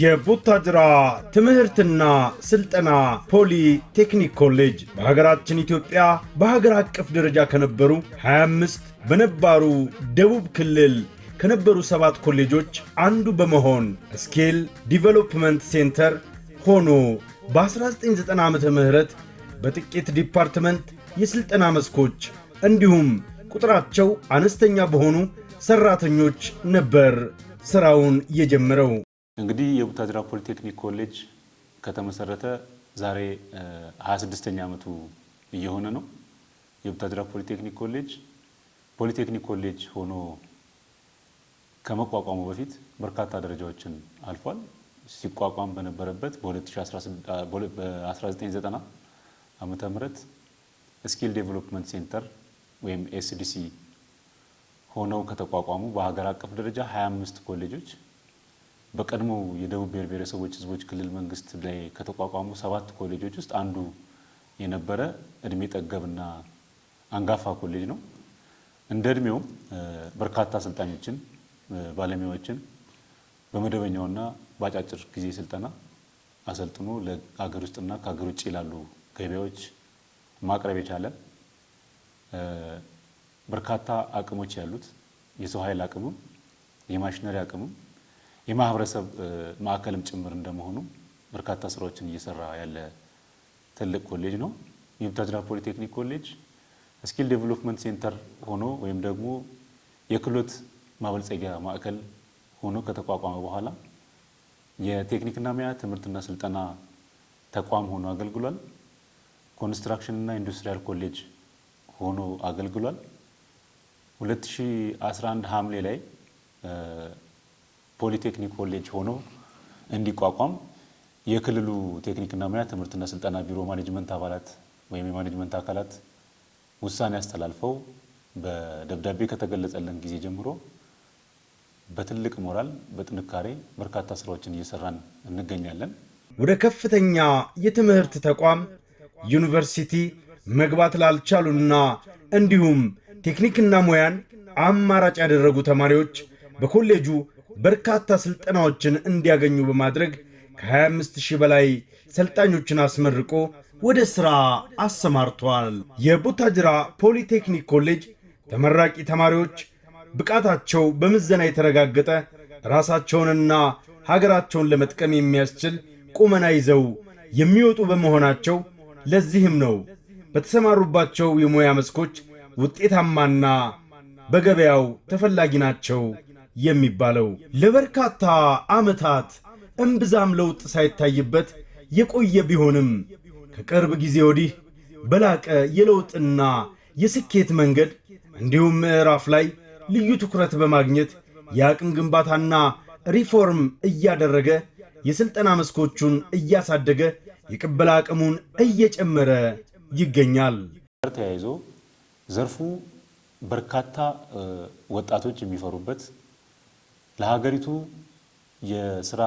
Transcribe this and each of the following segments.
የቡታጅራ ትምህርትና ስልጠና ፖሊ ቴክኒክ ኮሌጅ በሀገራችን ኢትዮጵያ በሀገር አቀፍ ደረጃ ከነበሩ 25 በነባሩ ደቡብ ክልል ከነበሩ ሰባት ኮሌጆች አንዱ በመሆን ስኪል ዲቨሎፕመንት ሴንተር ሆኖ በ1990 ዓ ም በጥቂት ዲፓርትመንት የሥልጠና መስኮች እንዲሁም ቁጥራቸው አነስተኛ በሆኑ ሠራተኞች ነበር ሥራውን የጀመረው። እንግዲህ የቡታጅራ ፖሊቴክኒክ ኮሌጅ ከተመሰረተ ዛሬ 26ኛ ዓመቱ እየሆነ ነው። የቡታጅራ ፖሊቴክኒክ ኮሌጅ ፖሊቴክኒክ ኮሌጅ ሆኖ ከመቋቋሙ በፊት በርካታ ደረጃዎችን አልፏል። ሲቋቋም በነበረበት በ1990 ዓመተ ምህረት ስኪል ዴቨሎፕመንት ሴንተር ወይም ኤስዲሲ ሆነው ከተቋቋሙ በሀገር አቀፍ ደረጃ 25 ኮሌጆች በቀድሞ የደቡብ ብሔር ብሔረሰቦች ህዝቦች ክልል መንግስት ላይ ከተቋቋሙ ሰባት ኮሌጆች ውስጥ አንዱ የነበረ እድሜ ጠገብና አንጋፋ ኮሌጅ ነው። እንደ እድሜውም በርካታ አሰልጣኞችን፣ ባለሙያዎችን በመደበኛውና በአጫጭር ጊዜ ስልጠና አሰልጥኖ ለሀገር ውስጥና ከሀገር ውጭ ላሉ ገበያዎች ማቅረብ የቻለ በርካታ አቅሞች ያሉት የሰው ኃይል አቅምም የማሽነሪ አቅምም የማህበረሰብ ማዕከልም ጭምር እንደመሆኑ በርካታ ስራዎችን እየሰራ ያለ ትልቅ ኮሌጅ ነው። የቡታጅራ ፖሊቴክኒክ ኮሌጅ ስኪል ዴቨሎፕመንት ሴንተር ሆኖ ወይም ደግሞ የክህሎት ማበልጸጊያ ማዕከል ሆኖ ከተቋቋመ በኋላ የቴክኒክና ሙያ ትምህርትና ስልጠና ተቋም ሆኖ አገልግሏል። ኮንስትራክሽንና ኢንዱስትሪያል ኮሌጅ ሆኖ አገልግሏል። 2011 ሐምሌ ላይ ፖሊቴክኒክ ኮሌጅ ሆኖ እንዲቋቋም የክልሉ ቴክኒክና ሙያ ትምህርትና ስልጠና ቢሮ ማኔጅመንት አባላት ወይም የማኔጅመንት አካላት ውሳኔ አስተላልፈው በደብዳቤ ከተገለጸልን ጊዜ ጀምሮ በትልቅ ሞራል በጥንካሬ በርካታ ስራዎችን እየሰራን እንገኛለን። ወደ ከፍተኛ የትምህርት ተቋም ዩኒቨርሲቲ መግባት ላልቻሉና እንዲሁም ቴክኒክና ሙያን አማራጭ ያደረጉ ተማሪዎች በኮሌጁ በርካታ ሥልጠናዎችን እንዲያገኙ በማድረግ ከ25 ሺህ በላይ ሰልጣኞችን አስመርቆ ወደ ሥራ አሰማርቷል። የቡታጅራ ፖሊቴክኒክ ኮሌጅ ተመራቂ ተማሪዎች ብቃታቸው በምዘና የተረጋገጠ ራሳቸውንና ሀገራቸውን ለመጥቀም የሚያስችል ቁመና ይዘው የሚወጡ በመሆናቸው ለዚህም ነው በተሰማሩባቸው የሙያ መስኮች ውጤታማና በገበያው ተፈላጊ ናቸው የሚባለው ለበርካታ ዓመታት እምብዛም ለውጥ ሳይታይበት የቆየ ቢሆንም ከቅርብ ጊዜ ወዲህ በላቀ የለውጥና የስኬት መንገድ እንዲሁም ምዕራፍ ላይ ልዩ ትኩረት በማግኘት የአቅም ግንባታና ሪፎርም እያደረገ የሥልጠና መስኮቹን እያሳደገ የቅበላ አቅሙን እየጨመረ ይገኛል። ተያይዞ ዘርፉ በርካታ ወጣቶች የሚፈሩበት ለሀገሪቱ የስራ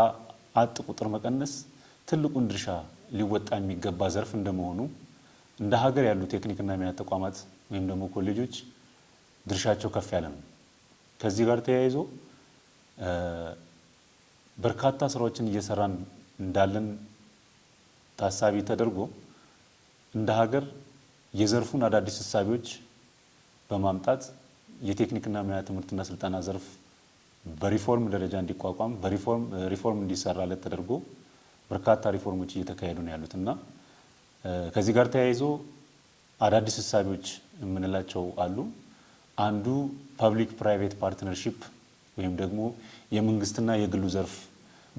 አጥ ቁጥር መቀነስ ትልቁን ድርሻ ሊወጣ የሚገባ ዘርፍ እንደመሆኑ እንደ ሀገር ያሉ ቴክኒክና ሙያ ተቋማት ወይም ደግሞ ኮሌጆች ድርሻቸው ከፍ ያለ ነው። ከዚህ ጋር ተያይዞ በርካታ ስራዎችን እየሰራን እንዳለን ታሳቢ ተደርጎ እንደ ሀገር የዘርፉን አዳዲስ እሳቢዎች በማምጣት የቴክኒክና ሙያ ትምህርትና ስልጠና ዘርፍ በሪፎርም ደረጃ እንዲቋቋም ሪፎርም እንዲሰራለት ተደርጎ በርካታ ሪፎርሞች እየተካሄዱ ነው ያሉት እና ከዚህ ጋር ተያይዞ አዳዲስ እሳቢዎች የምንላቸው አሉ። አንዱ ፐብሊክ ፕራይቬት ፓርትነርሺፕ ወይም ደግሞ የመንግስትና የግሉ ዘርፍ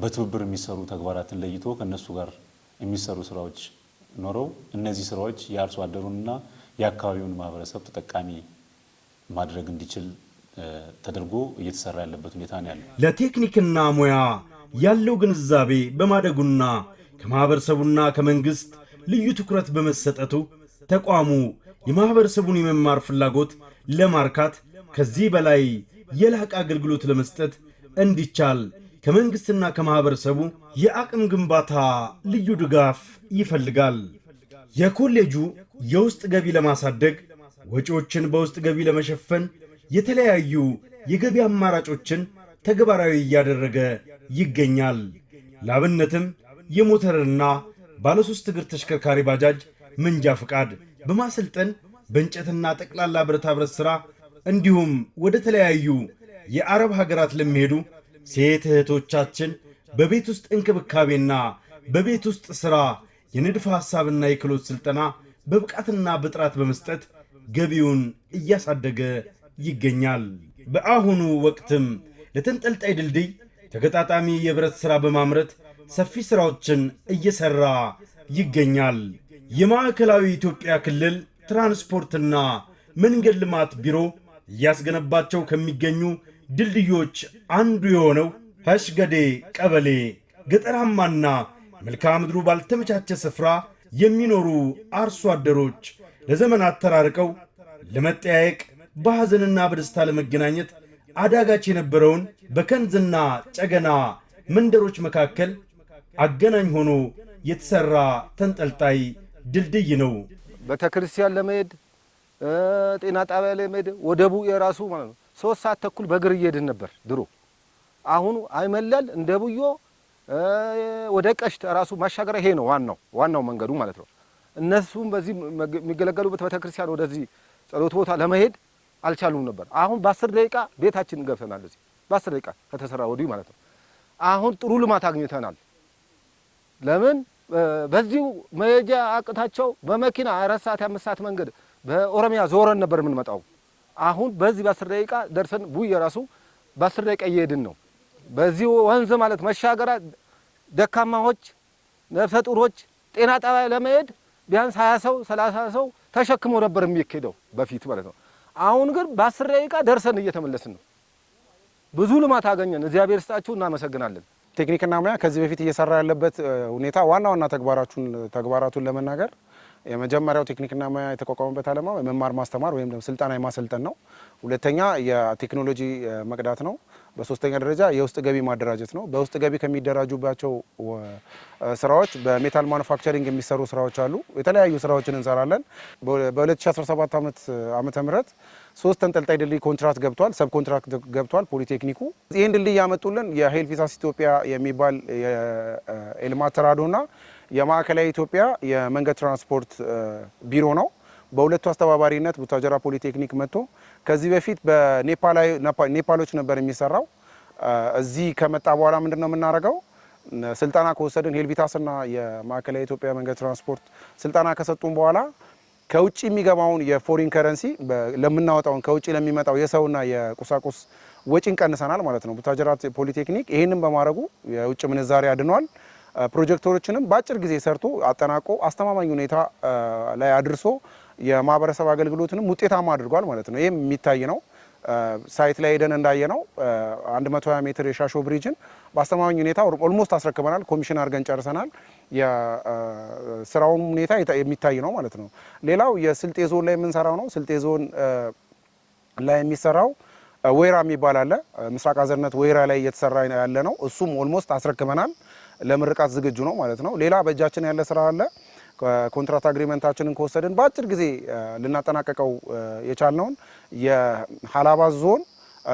በትብብር የሚሰሩ ተግባራትን ለይቶ ከእነሱ ጋር የሚሰሩ ስራዎች ኖረው እነዚህ ስራዎች የአርሶ አደሩንና የአካባቢውን ማህበረሰብ ተጠቃሚ ማድረግ እንዲችል ተደርጎ እየተሰራ ያለበት ሁኔታ ነው ያለው። ለቴክኒክና ሙያ ያለው ግንዛቤ በማደጉና ከማህበረሰቡና ከመንግስት ልዩ ትኩረት በመሰጠቱ ተቋሙ የማህበረሰቡን የመማር ፍላጎት ለማርካት ከዚህ በላይ የላቀ አገልግሎት ለመስጠት እንዲቻል ከመንግስትና ከማህበረሰቡ የአቅም ግንባታ ልዩ ድጋፍ ይፈልጋል። የኮሌጁ የውስጥ ገቢ ለማሳደግ ወጪዎችን በውስጥ ገቢ ለመሸፈን የተለያዩ የገቢ አማራጮችን ተግባራዊ እያደረገ ይገኛል። ላብነትም የሞተርና ባለሶስት እግር ተሽከርካሪ ባጃጅ መንጃ ፍቃድ በማሰልጠን በእንጨትና ጠቅላላ ብረታ ብረት ሥራ እንዲሁም ወደ ተለያዩ የአረብ ሀገራት ለሚሄዱ ሴት እህቶቻችን በቤት ውስጥ እንክብካቤና በቤት ውስጥ ሥራ የንድፈ ሐሳብና የክህሎት ሥልጠና በብቃትና በጥራት በመስጠት ገቢውን እያሳደገ ይገኛል። በአሁኑ ወቅትም ለተንጠልጣይ ድልድይ ተገጣጣሚ የብረት ሥራ በማምረት ሰፊ ሥራዎችን እየሠራ ይገኛል። የማዕከላዊ ኢትዮጵያ ክልል ትራንስፖርትና መንገድ ልማት ቢሮ እያስገነባቸው ከሚገኙ ድልድዮች አንዱ የሆነው ሀሽገዴ ቀበሌ ገጠራማና መልክዓ ምድሩ ባልተመቻቸ ስፍራ የሚኖሩ አርሶ አደሮች ለዘመናት ተራርቀው ለመጠያየቅ በሐዘንና በደስታ ለመገናኘት አዳጋች የነበረውን በከንዝና ጨገና መንደሮች መካከል አገናኝ ሆኖ የተሰራ ተንጠልጣይ ድልድይ ነው። ቤተ ክርስቲያን ለመሄድ ጤና ጣቢያ ለመሄድ ወደቡ የራሱ ማለት ነው። ሶስት ሰዓት ተኩል በእግር እየሄድን ነበር ድሮ። አሁኑ አይመላል እንደ ቡዮ ወደ ቀሽት ራሱ ማሻገሪያ ይሄ ነው ዋናው ዋናው መንገዱ ማለት ነው። እነሱም በዚህ የሚገለገሉበት ቤተ ክርስቲያን ወደዚህ ጸሎት ቦታ ለመሄድ አልቻሉም ነበር። አሁን በአስር ደቂቃ ቤታችን ገብተናል። እዚህ በአስር ደቂቃ ከተሰራ ወዲሁ ማለት ነው። አሁን ጥሩ ልማት አግኝተናል። ለምን በዚሁ መሄጃ አቅታቸው በመኪና አራት ሰዓት አምስት ሰዓት መንገድ በኦሮሚያ ዞረን ነበር የምንመጣው። አሁን በዚህ በአስር ደቂቃ ደርሰን ቡይ የራሱ በአስር ደቂቃ እየሄድን ነው። በዚህ ወንዝ ማለት መሻገራ ደካማዎች፣ ነፍሰ ጡሮች ጤና ጣቢያ ለመሄድ ቢያንስ ሀያ ሰው ሰላሳ ሰው ተሸክሞ ነበር የሚሄደው በፊት ማለት ነው። አሁን ግን በአስር ደቂቃ ደርሰን እየተመለስን ነው። ብዙ ልማት አገኘን። እግዚአብሔር ስጣችሁ፣ እናመሰግናለን። ቴክኒክና ሙያ ከዚህ በፊት እየሰራ ያለበት ሁኔታ ዋና ዋና ተግባራቱን ለመናገር የመጀመሪያው ቴክኒክና ሙያ የተቋቋመበት ዓላማ መማር ማስተማር ወይም ደግሞ ስልጠና የማሰልጠን ነው። ሁለተኛ የቴክኖሎጂ መቅዳት ነው። በሶስተኛ ደረጃ የውስጥ ገቢ ማደራጀት ነው። በውስጥ ገቢ ከሚደራጁባቸው ስራዎች በሜታል ማኑፋክቸሪንግ የሚሰሩ ስራዎች አሉ። የተለያዩ ስራዎችን እንሰራለን። በ2017 ዓመተ ምህረት ሶስት ተንጠልጣይ ድልድይ ኮንትራክት ገብቷል፣ ሰብ ኮንትራክት ገብቷል ፖሊቴክኒኩ። ይህን ድልድይ ያመጡልን የሄልፊሳስ ኢትዮጵያ የሚባል የልማት ተራድኦና የማዕከላዊ ኢትዮጵያ የመንገድ ትራንስፖርት ቢሮ ነው። በሁለቱ አስተባባሪነት ቡታጀራ ፖሊቴክኒክ መጥቶ ከዚህ በፊት በኔፓሎች ነበር የሚሰራው። እዚህ ከመጣ በኋላ ምንድን ነው የምናደርገው? ስልጠና ከወሰድን ሄልቪታስና የማዕከላዊ ኢትዮጵያ መንገድ ትራንስፖርት ስልጠና ከሰጡን በኋላ ከውጭ የሚገባውን የፎሪን ከረንሲ ለምናወጣውን ከውጭ ለሚመጣው የሰውና የቁሳቁስ ወጪ ቀንሰናል ማለት ነው። ቡታጀራ ፖሊቴክኒክ ይህንን በማድረጉ የውጭ ምንዛሬ አድኗል። ፕሮጀክተሮችንም በአጭር ጊዜ ሰርቶ አጠናቆ አስተማማኝ ሁኔታ ላይ አድርሶ የማህበረሰብ አገልግሎትንም ውጤታማ አድርጓል ማለት ነው። ይህም የሚታይ ነው። ሳይት ላይ ሄደን ነው 120 ሜትር የሻሾ ብሪጅን በአስተማማኝ ሁኔታ ኦልሞስት አስረክበናል። ኮሚሽን አድርገን ጨርሰናል። የስራውን ሁኔታ የሚታይ ነው ማለት ነው። ሌላው የስልጤ ዞን ላይ የምንሰራው ነው። ስልጤ ዞን ላይ የሚሰራው ወይራ የሚባል አለ። ምስራቅ አዘርነት ወይራ ላይ እየተሰራ ያለ ነው። እሱም ኦልሞስት አስረክበናል። ለምርቃት ዝግጁ ነው ማለት ነው። ሌላ በእጃችን ያለ ስራ አለ። ኮንትራት አግሪመንታችንን ከወሰድን በአጭር ጊዜ ልናጠናቀቀው የቻልነውን የሀላባ ዞን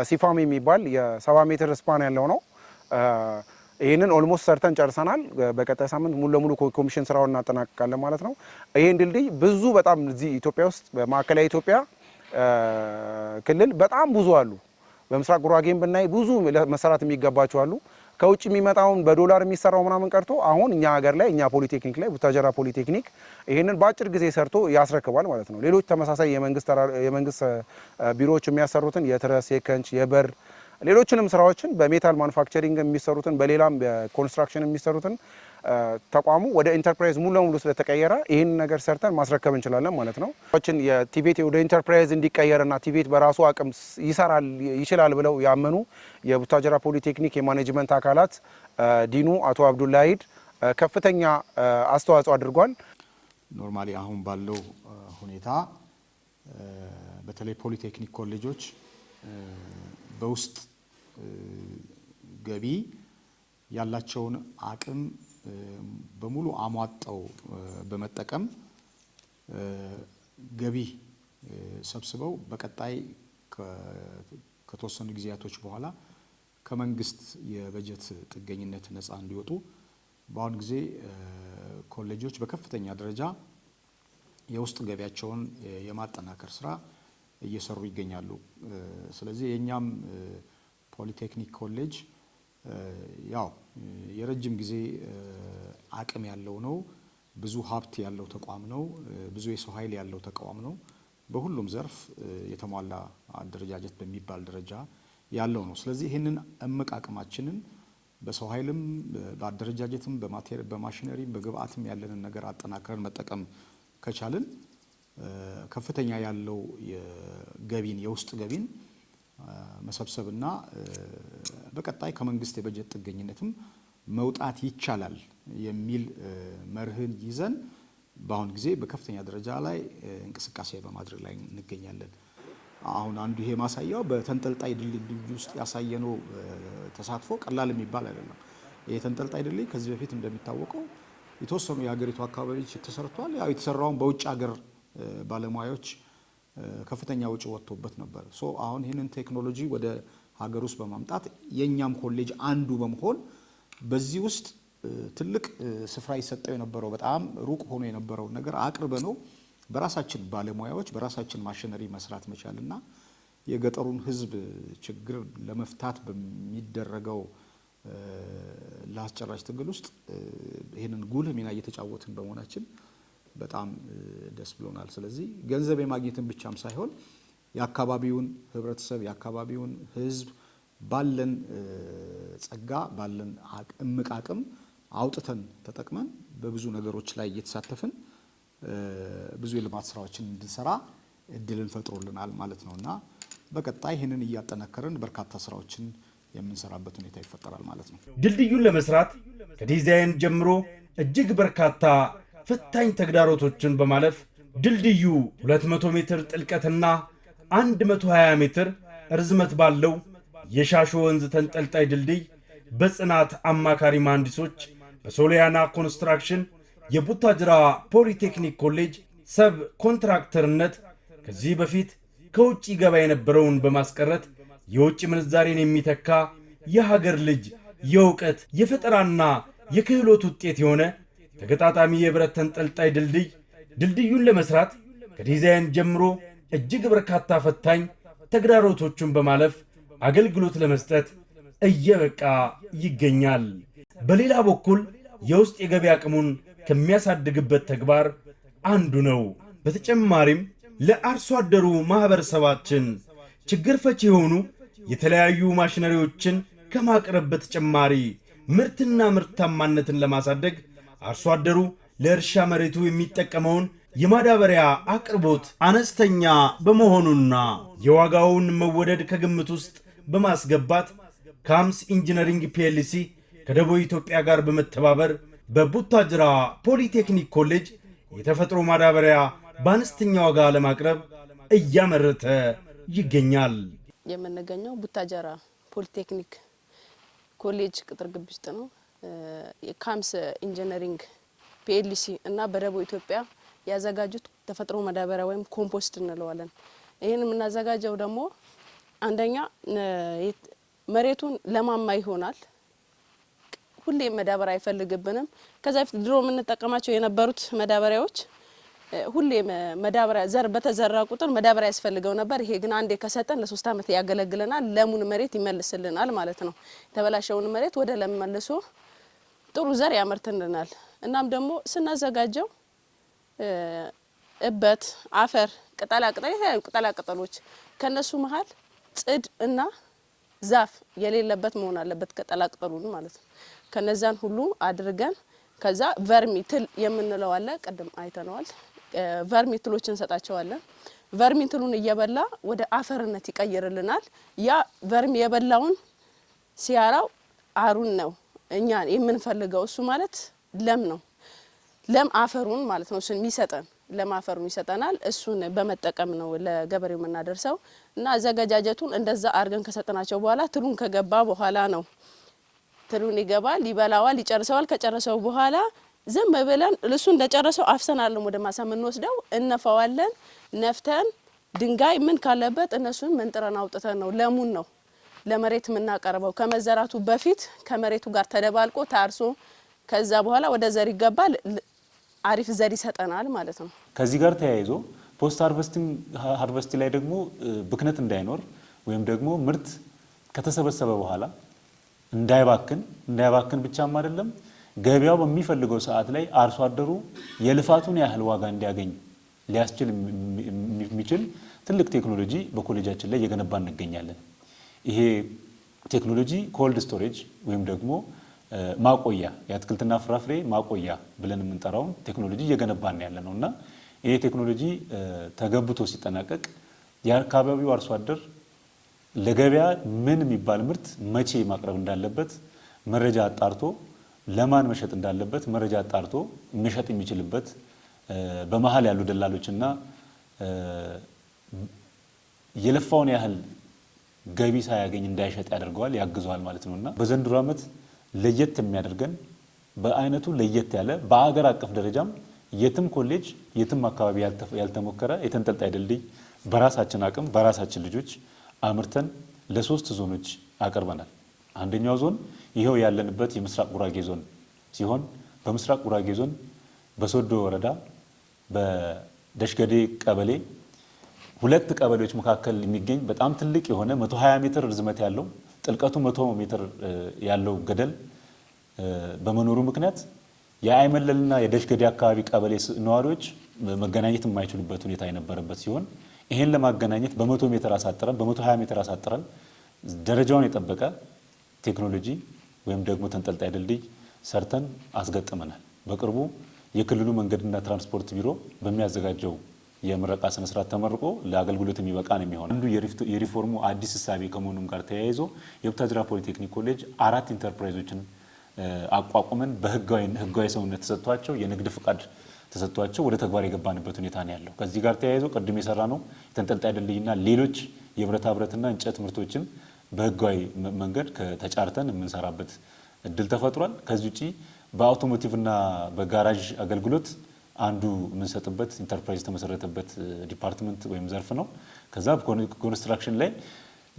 ሲፋም የሚባል የሰባ ሜትር ስፓን ያለው ነው። ይህንን ኦልሞስት ሰርተን ጨርሰናል። በቀጣይ ሳምንት ሙሉ ለሙሉ ኮሚሽን ስራውን እናጠናቀቃለን ማለት ነው። ይህን ድልድይ ብዙ በጣም እዚህ ኢትዮጵያ ውስጥ በማዕከላዊ ኢትዮጵያ ክልል በጣም ብዙ አሉ። በምስራቅ ጉራጌም ብናይ ብዙ መሰራት የሚገባቸው አሉ። ከውጭ የሚመጣውን በዶላር የሚሰራው ምናምን ቀርቶ አሁን እኛ ሀገር ላይ እኛ ፖሊቴክኒክ ላይ ቡታጀራ ፖሊቴክኒክ ይህንን በአጭር ጊዜ ሰርቶ ያስረክባል ማለት ነው። ሌሎች ተመሳሳይ የመንግስት ቢሮዎች የሚያሰሩትን የትረስ፣ የከንች፣ የበር ሌሎችንም ስራዎችን በሜታል ማኑፋክቸሪንግ የሚሰሩትን በሌላም ኮንስትራክሽን የሚሰሩትን ተቋሙ ወደ ኢንተርፕራይዝ ሙሉ ለሙሉ ስለተቀየረ ይህን ነገር ሰርተን ማስረከብ እንችላለን ማለት ነው። ችን የቲቤት ወደ ኢንተርፕራይዝ እንዲቀየርና ቲቤት በራሱ አቅም ይሰራል ይችላል ብለው ያመኑ የቡታጀራ ፖሊቴክኒክ የማኔጅመንት አካላት ዲኑ አቶ አብዱላሂድ ከፍተኛ አስተዋጽኦ አድርጓል። ኖርማሊ አሁን ባለው ሁኔታ በተለይ ፖሊቴክኒክ ኮሌጆች በውስጥ ገቢ ያላቸውን አቅም በሙሉ አሟጠው በመጠቀም ገቢ ሰብስበው በቀጣይ ከተወሰኑ ጊዜያቶች በኋላ ከመንግስት የበጀት ጥገኝነት ነፃ እንዲወጡ በአሁኑ ጊዜ ኮሌጆች በከፍተኛ ደረጃ የውስጥ ገቢያቸውን የማጠናከር ስራ እየሰሩ ይገኛሉ። ስለዚህ የእኛም ፖሊቴክኒክ ኮሌጅ ያው የረጅም ጊዜ አቅም ያለው ነው። ብዙ ሀብት ያለው ተቋም ነው። ብዙ የሰው ኃይል ያለው ተቋም ነው። በሁሉም ዘርፍ የተሟላ አደረጃጀት በሚባል ደረጃ ያለው ነው። ስለዚህ ይህንን እምቅ አቅማችንን በሰው ኃይልም በአደረጃጀትም በማሽነሪም በግብአትም ያለንን ነገር አጠናክረን መጠቀም ከቻልን ከፍተኛ ያለው የገቢን የውስጥ ገቢን መሰብሰብና በቀጣይ ከመንግስት የበጀት ጥገኝነትም መውጣት ይቻላል የሚል መርህን ይዘን በአሁን ጊዜ በከፍተኛ ደረጃ ላይ እንቅስቃሴ በማድረግ ላይ እንገኛለን። አሁን አንዱ ይሄ ማሳያው በተንጠልጣይ ድልድይ ውስጥ ያሳየነው ተሳትፎ ቀላል የሚባል አይደለም። ይሄ ተንጠልጣይ ድልድይ ከዚህ በፊት እንደሚታወቀው የተወሰኑ የሀገሪቱ አካባቢዎች ተሰርቷል። ያው የተሰራውን በውጭ ሀገር ባለሙያዎች ከፍተኛ ውጪ ወጥቶበት ነበር። ሶ አሁን ይህንን ቴክኖሎጂ ወደ ሀገር ውስጥ በማምጣት የእኛም ኮሌጅ አንዱ በመሆን በዚህ ውስጥ ትልቅ ስፍራ ይሰጠው የነበረው በጣም ሩቅ ሆኖ የነበረውን ነገር አቅርበ ነው በራሳችን ባለሙያዎች በራሳችን ማሽነሪ መስራት መቻልና የገጠሩን ሕዝብ ችግር ለመፍታት በሚደረገው ለአስጨራሽ ትግል ውስጥ ይህንን ጉልህ ሚና እየተጫወትን በመሆናችን በጣም ደስ ብሎናል። ስለዚህ ገንዘብ የማግኘትን ብቻም ሳይሆን የአካባቢውን ህብረተሰብ የአካባቢውን ህዝብ ባለን ጸጋ ባለን እምቃቅም አቅም አውጥተን ተጠቅመን በብዙ ነገሮች ላይ እየተሳተፍን ብዙ የልማት ስራዎችን እንድንሰራ እድልን ፈጥሮልናል ማለት ነው እና በቀጣይ ይህንን እያጠናከርን በርካታ ስራዎችን የምንሰራበት ሁኔታ ይፈጠራል ማለት ነው። ድልድዩን ለመስራት ከዲዛይን ጀምሮ እጅግ በርካታ ፈታኝ ተግዳሮቶችን በማለፍ ድልድዩ 200 ሜትር ጥልቀትና 120 ሜትር ርዝመት ባለው የሻሾ ወንዝ ተንጠልጣይ ድልድይ በጽናት አማካሪ መሐንዲሶች በሶሊያና ኮንስትራክሽን የቡታጅራ ፖሊቴክኒክ ኮሌጅ ሰብ ኮንትራክተርነት ከዚህ በፊት ከውጭ ገባ የነበረውን በማስቀረት የውጭ ምንዛሬን የሚተካ የሀገር ልጅ የእውቀት የፈጠራና የክህሎት ውጤት የሆነ ተገጣጣሚ የብረት ተንጠልጣይ ድልድይ ድልድዩን ለመስራት ከዲዛይን ጀምሮ እጅግ በርካታ ፈታኝ ተግዳሮቶቹን በማለፍ አገልግሎት ለመስጠት እየበቃ ይገኛል። በሌላ በኩል የውስጥ የገቢ አቅሙን ከሚያሳድግበት ተግባር አንዱ ነው። በተጨማሪም ለአርሶ አደሩ ማኅበረሰባችን ችግር ፈቺ የሆኑ የተለያዩ ማሽነሪዎችን ከማቅረብ በተጨማሪ ምርትና ምርታማነትን ለማሳደግ አርሶ አደሩ ለእርሻ መሬቱ የሚጠቀመውን የማዳበሪያ አቅርቦት አነስተኛ በመሆኑና የዋጋውን መወደድ ከግምት ውስጥ በማስገባት ካምስ ኢንጂነሪንግ ፒኤልሲ ከደቡብ ኢትዮጵያ ጋር በመተባበር በቡታጅራ ፖሊቴክኒክ ኮሌጅ የተፈጥሮ ማዳበሪያ በአነስተኛ ዋጋ ለማቅረብ እያመረተ ይገኛል። የምንገኘው ቡታጀራ ፖሊቴክኒክ ኮሌጅ ቅጥር ግቢ ውስጥ ነው። ካምስ ኢንጂነሪንግ ፒኤልሲ እና በደቡብ ኢትዮጵያ ያዘጋጁት ተፈጥሮ ማዳበሪያ ወይም ኮምፖስት እንለዋለን። ይህን የምናዘጋጀው ደግሞ አንደኛ መሬቱን ለማማ ይሆናል። ሁሌም መዳበሪያ አይፈልግብንም። ከዛ በፊት ድሮ የምንጠቀማቸው የነበሩት መዳበሪያዎች ሁሌም መዳበሪያ ዘር በተዘራ ቁጥር መዳበሪያ ያስፈልገው ነበር። ይሄ ግን አንዴ ከሰጠን ለሶስት አመት ያገለግለናል። ለሙን መሬት ይመልስልናል ማለት ነው። የተበላሸውን መሬት ወደ ለም መልሶ ጥሩ ዘር ያመርትልናል። እናም ደግሞ ስናዘጋጀው እበት፣ አፈር፣ ቅጠላቅጠል፣ የተለያዩ ቅጠላቅጠሎች ከነሱ መሀል ጽድ እና ዛፍ የሌለበት መሆን አለበት፣ ቅጠላቅጠሉን ማለት ነው። ከነዛን ሁሉ አድርገን ከዛ ቨርሚ ትል የምንለው አለ፣ ቅድም አይተነዋል። ቨርሚ ትሎች እንሰጣቸዋለን። ቨርሚ ትሉን እየበላ ወደ አፈርነት ይቀይርልናል። ያ ቨርሚ የበላውን ሲያራው አሩን ነው እኛ የምንፈልገው እሱ ማለት ለም ነው። ለም አፈሩን ማለት ነው የሚሰጠን ለም አፈሩን ይሰጠናል። እሱን በመጠቀም ነው ለገበሬው የምናደርሰው እና አዘገጃጀቱን እንደዛ አድርገን ከሰጠናቸው በኋላ ትሉን ከገባ በኋላ ነው ትሉን ይገባል፣ ይበላዋል፣ ይጨርሰዋል። ከጨረሰው በኋላ ዝም ብለን እሱ እንደጨረሰው አፍሰናለን ወደ ማሳ የምንወስደው እነፋዋለን። ነፍተን ድንጋይ ምን ካለበት እነሱን መንጥረን አውጥተን ነው ለሙን ነው ለመሬት የምናቀርበው ከመዘራቱ በፊት ከመሬቱ ጋር ተደባልቆ ታርሶ ከዛ በኋላ ወደ ዘር ይገባል። አሪፍ ዘር ይሰጠናል ማለት ነው። ከዚህ ጋር ተያይዞ ፖስት ሀርቨስቲ ሃርቨስቲ ላይ ደግሞ ብክነት እንዳይኖር ወይም ደግሞ ምርት ከተሰበሰበ በኋላ እንዳይባክን እንዳይባክን ብቻም አይደለም ገበያው በሚፈልገው ሰዓት ላይ አርሶ አደሩ የልፋቱን ያህል ዋጋ እንዲያገኝ ሊያስችል የሚችል ትልቅ ቴክኖሎጂ በኮሌጃችን ላይ እየገነባ እንገኛለን። ይሄ ቴክኖሎጂ ኮልድ ስቶሬጅ ወይም ደግሞ ማቆያ የአትክልትና ፍራፍሬ ማቆያ ብለን የምንጠራውን ቴክኖሎጂ እየገነባን ያለ ነው እና ይሄ ቴክኖሎጂ ተገብቶ ሲጠናቀቅ የአካባቢው አርሶ አደር ለገበያ ምን የሚባል ምርት መቼ ማቅረብ እንዳለበት መረጃ አጣርቶ ለማን መሸጥ እንዳለበት መረጃ አጣርቶ መሸጥ የሚችልበት በመሀል ያሉ ደላሎችና የለፋውን ያህል ገቢ ሳያገኝ እንዳይሸጥ ያደርገዋል፣ ያግዘዋል ማለት ነው እና በዘንድሮ ዓመት ለየት የሚያደርገን በአይነቱ ለየት ያለ በሀገር አቀፍ ደረጃም የትም ኮሌጅ የትም አካባቢ ያልተሞከረ የተንጠልጣይ ድልድይ በራሳችን አቅም በራሳችን ልጆች አምርተን ለሶስት ዞኖች አቅርበናል። አንደኛው ዞን ይኸው ያለንበት የምስራቅ ጉራጌ ዞን ሲሆን በምስራቅ ጉራጌ ዞን በሶዶ ወረዳ በደሽገዴ ቀበሌ ሁለት ቀበሌዎች መካከል የሚገኝ በጣም ትልቅ የሆነ 120 ሜትር ርዝመት ያለው ጥልቀቱ 100 ሜትር ያለው ገደል በመኖሩ ምክንያት የአይመለልና የደሽገዴ አካባቢ ቀበሌ ነዋሪዎች መገናኘት የማይችሉበት ሁኔታ የነበረበት ሲሆን ይህን ለማገናኘት በመቶ ሜትር አሳጥረን በመቶ ሀያ ሜትር አሳጥረን ደረጃውን የጠበቀ ቴክኖሎጂ ወይም ደግሞ ተንጠልጣይ ድልድይ ሰርተን አስገጥመናል። በቅርቡ የክልሉ መንገድና ትራንስፖርት ቢሮ በሚያዘጋጀው የምረቃ ስነስርዓት ተመርቆ ለአገልግሎት የሚበቃ ነው የሚሆነው። አንዱ የሪፎርሙ አዲስ እሳቤ ከመሆኑም ጋር ተያይዞ የቡታጅራ ፖሊቴክኒክ ኮሌጅ አራት ኢንተርፕራይዞችን አቋቁመን በህጋዊ ሰውነት ተሰጥቷቸው የንግድ ፍቃድ ተሰጥቷቸው ወደ ተግባር የገባንበት ሁኔታ ነው ያለው። ከዚህ ጋር ተያይዞ ቅድም የሰራ ነው የተንጠልጣይ ድልድይና ሌሎች የብረታ ብረትና እንጨት ምርቶችን በህጋዊ መንገድ ተጫርተን የምንሰራበት እድል ተፈጥሯል። ከዚህ ውጪ በአውቶሞቲቭና በጋራዥ አገልግሎት አንዱ የምንሰጥበት ኢንተርፕራይዝ የተመሰረተበት ዲፓርትመንት ወይም ዘርፍ ነው። ከዛ ኮንስትራክሽን ላይ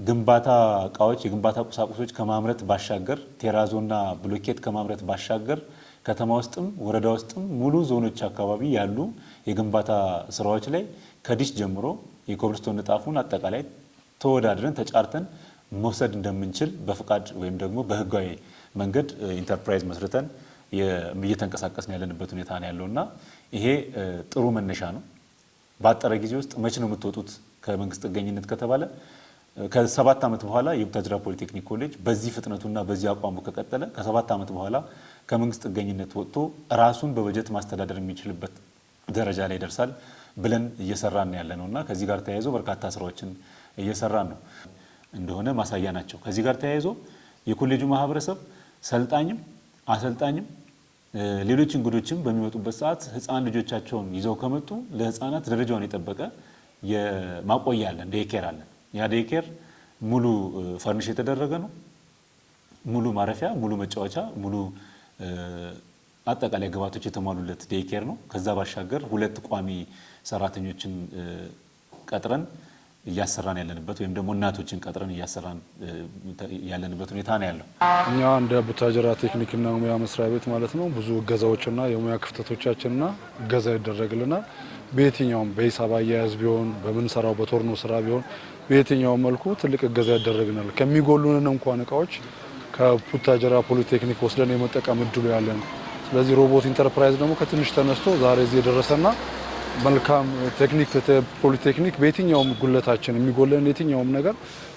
ግንባታ እቃዎች፣ የግንባታ ቁሳቁሶች ከማምረት ባሻገር ቴራዞና ብሎኬት ከማምረት ባሻገር ከተማ ውስጥም ወረዳ ውስጥም ሙሉ ዞኖች አካባቢ ያሉ የግንባታ ስራዎች ላይ ከዲሽ ጀምሮ የኮብልስቶን ንጣፉን አጠቃላይ ተወዳድረን ተጫርተን መውሰድ እንደምንችል በፍቃድ ወይም ደግሞ በህጋዊ መንገድ ኢንተርፕራይዝ መስርተን እየተንቀሳቀስን ያለንበት ሁኔታ ነው ያለው እና ይሄ ጥሩ መነሻ ነው። በአጠረ ጊዜ ውስጥ መቼ ነው የምትወጡት ከመንግስት ጥገኝነት ከተባለ ከሰባት ዓመት በኋላ የቡታጅራ ፖሊቴክኒክ ኮሌጅ በዚህ ፍጥነቱና በዚህ አቋሙ ከቀጠለ ከሰባት ዓመት በኋላ ከመንግስት ጥገኝነት ወጥቶ ራሱን በበጀት ማስተዳደር የሚችልበት ደረጃ ላይ ይደርሳል ብለን እየሰራን ያለ ነው እና ከዚህ ጋር ተያይዞ በርካታ ስራዎችን እየሰራን ነው እንደሆነ ማሳያ ናቸው። ከዚህ ጋር ተያይዞ የኮሌጁ ማህበረሰብ ሰልጣኝም አሰልጣኝም ሌሎች እንግዶችም በሚመጡበት ሰዓት ህፃን ልጆቻቸውን ይዘው ከመጡ ለህፃናት ደረጃውን የጠበቀ ማቆያ አለን፣ ዴይኬር አለን። ያ ዴይኬር ሙሉ ፈርኒሽ የተደረገ ነው። ሙሉ ማረፊያ፣ ሙሉ መጫወቻ፣ ሙሉ አጠቃላይ ግባቶች የተሟሉለት ዴይኬር ነው። ከዛ ባሻገር ሁለት ቋሚ ሰራተኞችን ቀጥረን እያሰራን ያለንበት ወይም ደግሞ እናቶችን ቀጥረን እያሰራን ያለንበት ሁኔታ ነው ያለው። እኛ እንደ ቡታጀራ ቴክኒክና ሙያ መስሪያ ቤት ማለት ነው ብዙ እገዛዎችና የሙያ ክፍተቶቻችንና እገዛ ይደረግልናል። በየትኛውም በሂሳብ አያያዝ ቢሆን በምንሰራው በቶርኖ ስራ ቢሆን በየትኛውም መልኩ ትልቅ እገዛ ያደረግናል። ከሚጎሉንን እንኳን እቃዎች ከቡታጀራ ፖሊቴክኒክ ወስደን የመጠቀም እድሉ ያለን። ስለዚህ ሮቦት ኢንተርፕራይዝ ደግሞ ከትንሽ ተነስቶ ዛሬ እዚህ የደረሰና መልካም ቴክኒክ ፖሊቴክኒክ በየትኛውም ጉለታችን የሚጎለን የትኛውም ነገር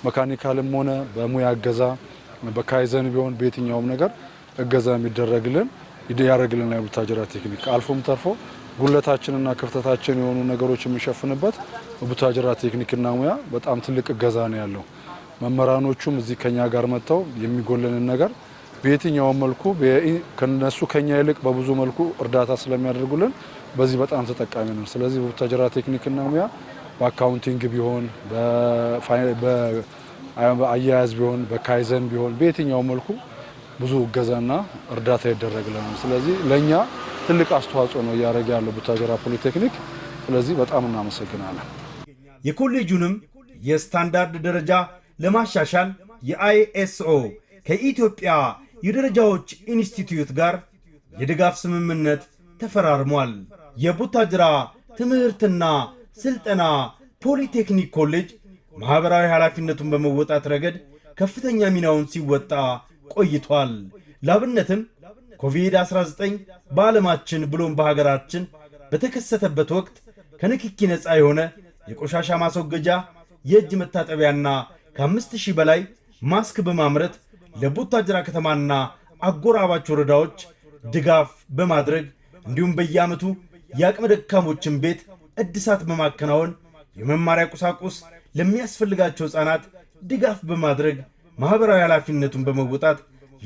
መካኒካልም ሆነ በሙያ እገዛ በካይዘን ቢሆን በየትኛውም ነገር እገዛ የሚደረግልን ያደረግልን የቡታጅራ ቴክኒክ አልፎም ተርፎ ጉለታችንና ክፍተታችን የሆኑ ነገሮች የሚሸፍንበት ቡታጅራ ቴክኒክና ሙያ በጣም ትልቅ እገዛ ነው ያለው። መምህራኖቹም እዚህ ከኛ ጋር መጥተው የሚጎለንን ነገር በየትኛውም መልኩ ከነሱ ከኛ ይልቅ በብዙ መልኩ እርዳታ ስለሚያደርጉልን በዚህ በጣም ተጠቃሚ ነው። ስለዚህ በቡታጀራ ቴክኒክና ሙያ በአካውንቲንግ ቢሆን በአያያዝ ቢሆን በካይዘን ቢሆን በየትኛው መልኩ ብዙ እገዛና እርዳታ ይደረግልናል። ስለዚህ ለእኛ ትልቅ አስተዋጽኦ ነው እያደረገ ያለው ቡታጀራ ፖሊቴክኒክ። ስለዚህ በጣም እናመሰግናለን። የኮሌጁንም የስታንዳርድ ደረጃ ለማሻሻል የአይኤስኦ ከኢትዮጵያ የደረጃዎች ኢንስቲትዩት ጋር የድጋፍ ስምምነት ተፈራርሟል። የቡታጅራ ትምህርትና ስልጠና ፖሊቴክኒክ ኮሌጅ ማኅበራዊ ኃላፊነቱን በመወጣት ረገድ ከፍተኛ ሚናውን ሲወጣ ቆይቷል። ላብነትም ኮቪድ-19 በዓለማችን ብሎም በሀገራችን በተከሰተበት ወቅት ከንክኪ ነፃ የሆነ የቆሻሻ ማስወገጃ የእጅ መታጠቢያና ከአምስት ሺህ በላይ ማስክ በማምረት ለቡታጅራ ከተማና አጎራባች ወረዳዎች ድጋፍ በማድረግ እንዲሁም በየዓመቱ የአቅመ ደካሞችን ቤት እድሳት በማከናወን የመማሪያ ቁሳቁስ ለሚያስፈልጋቸው ሕፃናት ድጋፍ በማድረግ ማኅበራዊ ኃላፊነቱን በመወጣት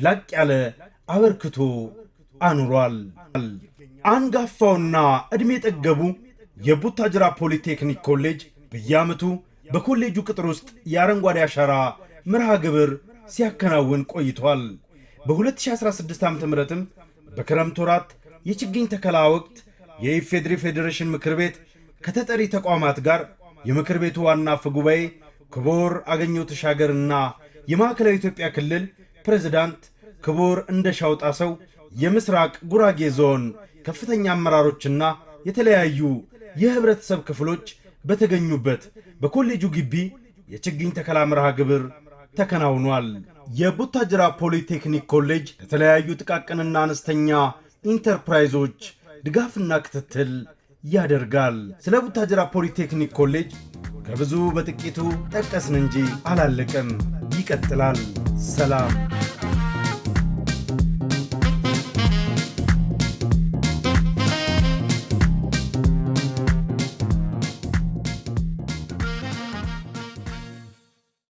ላቅ ያለ አበርክቶ አኑሯል። አንጋፋውና ዕድሜ ጠገቡ የቡታጅራ ፖሊቴክኒክ ኮሌጅ በየዓመቱ በኮሌጁ ቅጥር ውስጥ የአረንጓዴ አሻራ መርሃ ግብር ሲያከናውን ቆይቷል። በ2016 ዓ.ም በክረምት ወራት የችግኝ ተከላ ወቅት የኢፌድሪ ፌዴሬሽን ምክር ቤት ከተጠሪ ተቋማት ጋር የምክር ቤቱ ዋና አፈ ጉባኤ ክቡር አገኘሁ ተሻገርና የማዕከላዊ ኢትዮጵያ ክልል ፕሬዝዳንት ክቡር እንደሻው ጣሰው የምስራቅ ጉራጌ ዞን ከፍተኛ አመራሮችና የተለያዩ የህብረተሰብ ክፍሎች በተገኙበት በኮሌጁ ግቢ የችግኝ ተከላ መርሃ ግብር ተከናውኗል። የቡታጅራ ፖሊቴክኒክ ኮሌጅ ለተለያዩ ጥቃቅንና አነስተኛ ኢንተርፕራይዞች ድጋፍና ክትትል ያደርጋል። ስለ ቡታጅራ ፖሊቴክኒክ ኮሌጅ ከብዙ በጥቂቱ ጠቀስን እንጂ አላለቅም ይቀጥላል። ሰላም